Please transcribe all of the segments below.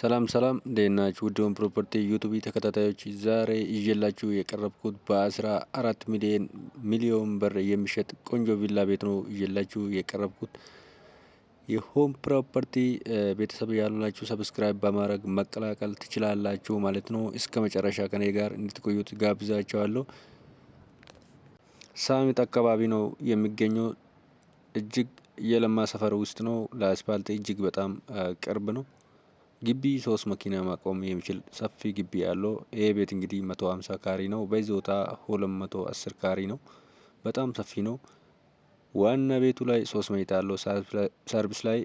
ሰላም ሰላም እንዴት ናችሁ? ውድን ፕሮፐርቲ ዩቱብ ተከታታዮች ዛሬ ይዤላችሁ የቀረብኩት በአስራ አራት ሚሊዮን ሚሊዮን ብር የሚሸጥ ቆንጆ ቪላ ቤት ነው ይዤላችሁ የቀረብኩት። የሆም ፕሮፐርቲ ቤተሰብ ያሉላችሁ ሰብስክራይብ በማድረግ መቀላቀል ትችላላችሁ ማለት ነው። እስከ መጨረሻ ከኔ ጋር እንድትቆዩት ጋብዛቸዋለሁ። ሳሚት አካባቢ ነው የሚገኘው። እጅግ የለማ ሰፈር ውስጥ ነው። ለአስፓልት እጅግ በጣም ቅርብ ነው። ግቢ ሶስት መኪና ማቆም የሚችል ሰፊ ግቢ ያለው ይህ ቤት እንግዲህ 150 ካሪ ነው። በይዞታ 210 ካሪ ነው። በጣም ሰፊ ነው። ዋና ቤቱ ላይ ሶስት መኝታ አለው። ሰርቪስ ላይ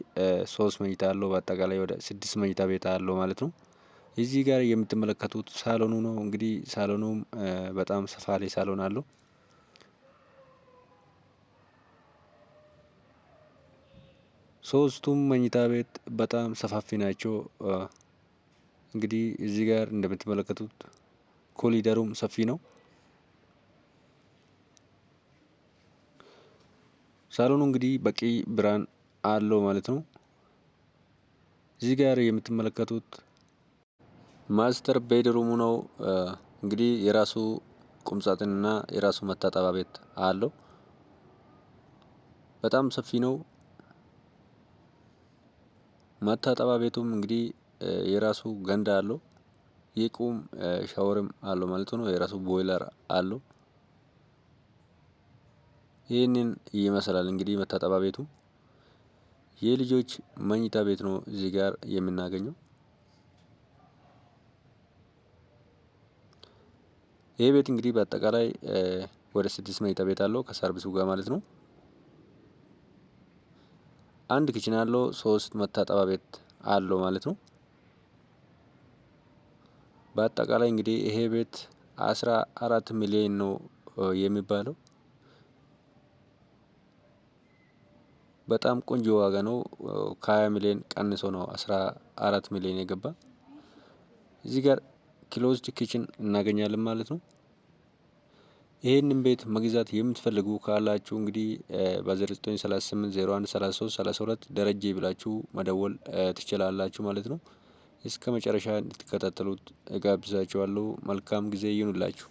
ሶስት መኝታ አለው። በአጠቃላይ ወደ ስድስት መኝታ ቤት አለው ማለት ነው። እዚህ ጋር የምትመለከቱት ሳሎኑ ነው። እንግዲህ ሳሎኑም በጣም ሰፋ ላይ ሳሎን አለው። ሶስቱም መኝታ ቤት በጣም ሰፋፊ ናቸው። እንግዲህ እዚህ ጋር እንደምትመለከቱት ኮሊደሩም ሰፊ ነው። ሳሎኑ እንግዲህ በቂ ብርሃን አለው ማለት ነው። እዚህ ጋር የምትመለከቱት ማስተር ቤድሩሙ ነው። እንግዲህ የራሱ ቁምሳጥንና የራሱ መታጠቢያ ቤት አለው። በጣም ሰፊ ነው። መታጠቢያ ቤቱም እንግዲህ የራሱ ገንዳ አለው። የቁም ሻወርም አለው ማለት ነው። የራሱ ቦይለር አለው። ይህንን ይመስላል እንግዲህ መታጠቢያ ቤቱ። የልጆች መኝታ ቤት ነው እዚህ ጋር የምናገኘው። ይህ ቤት እንግዲህ በአጠቃላይ ወደ ስድስት መኝታ ቤት አለው ከሰርቪሱ ጋር ማለት ነው አንድ ኪችን አለው ሶስት መታጠባ ቤት አለው ማለት ነው። በአጠቃላይ እንግዲህ ይሄ ቤት አስራ አራት ሚሊዮን ነው የሚባለው። በጣም ቆንጆ ዋጋ ነው። ከሀያ ሚሊዮን ቀንሶ ነው አስራ አራት ሚሊዮን የገባ። እዚህ ጋር ክሎዝድ ኪችን እናገኛለን ማለት ነው። ይህንን ቤት መግዛት የምትፈልጉ ካላችሁ እንግዲህ በ0938013332 ደረጀ ብላችሁ መደወል ትችላላችሁ ማለት ነው። እስከ መጨረሻ እንድትከታተሉት እጋብዛችኋለሁ። መልካም ጊዜ ይሁንላችሁ።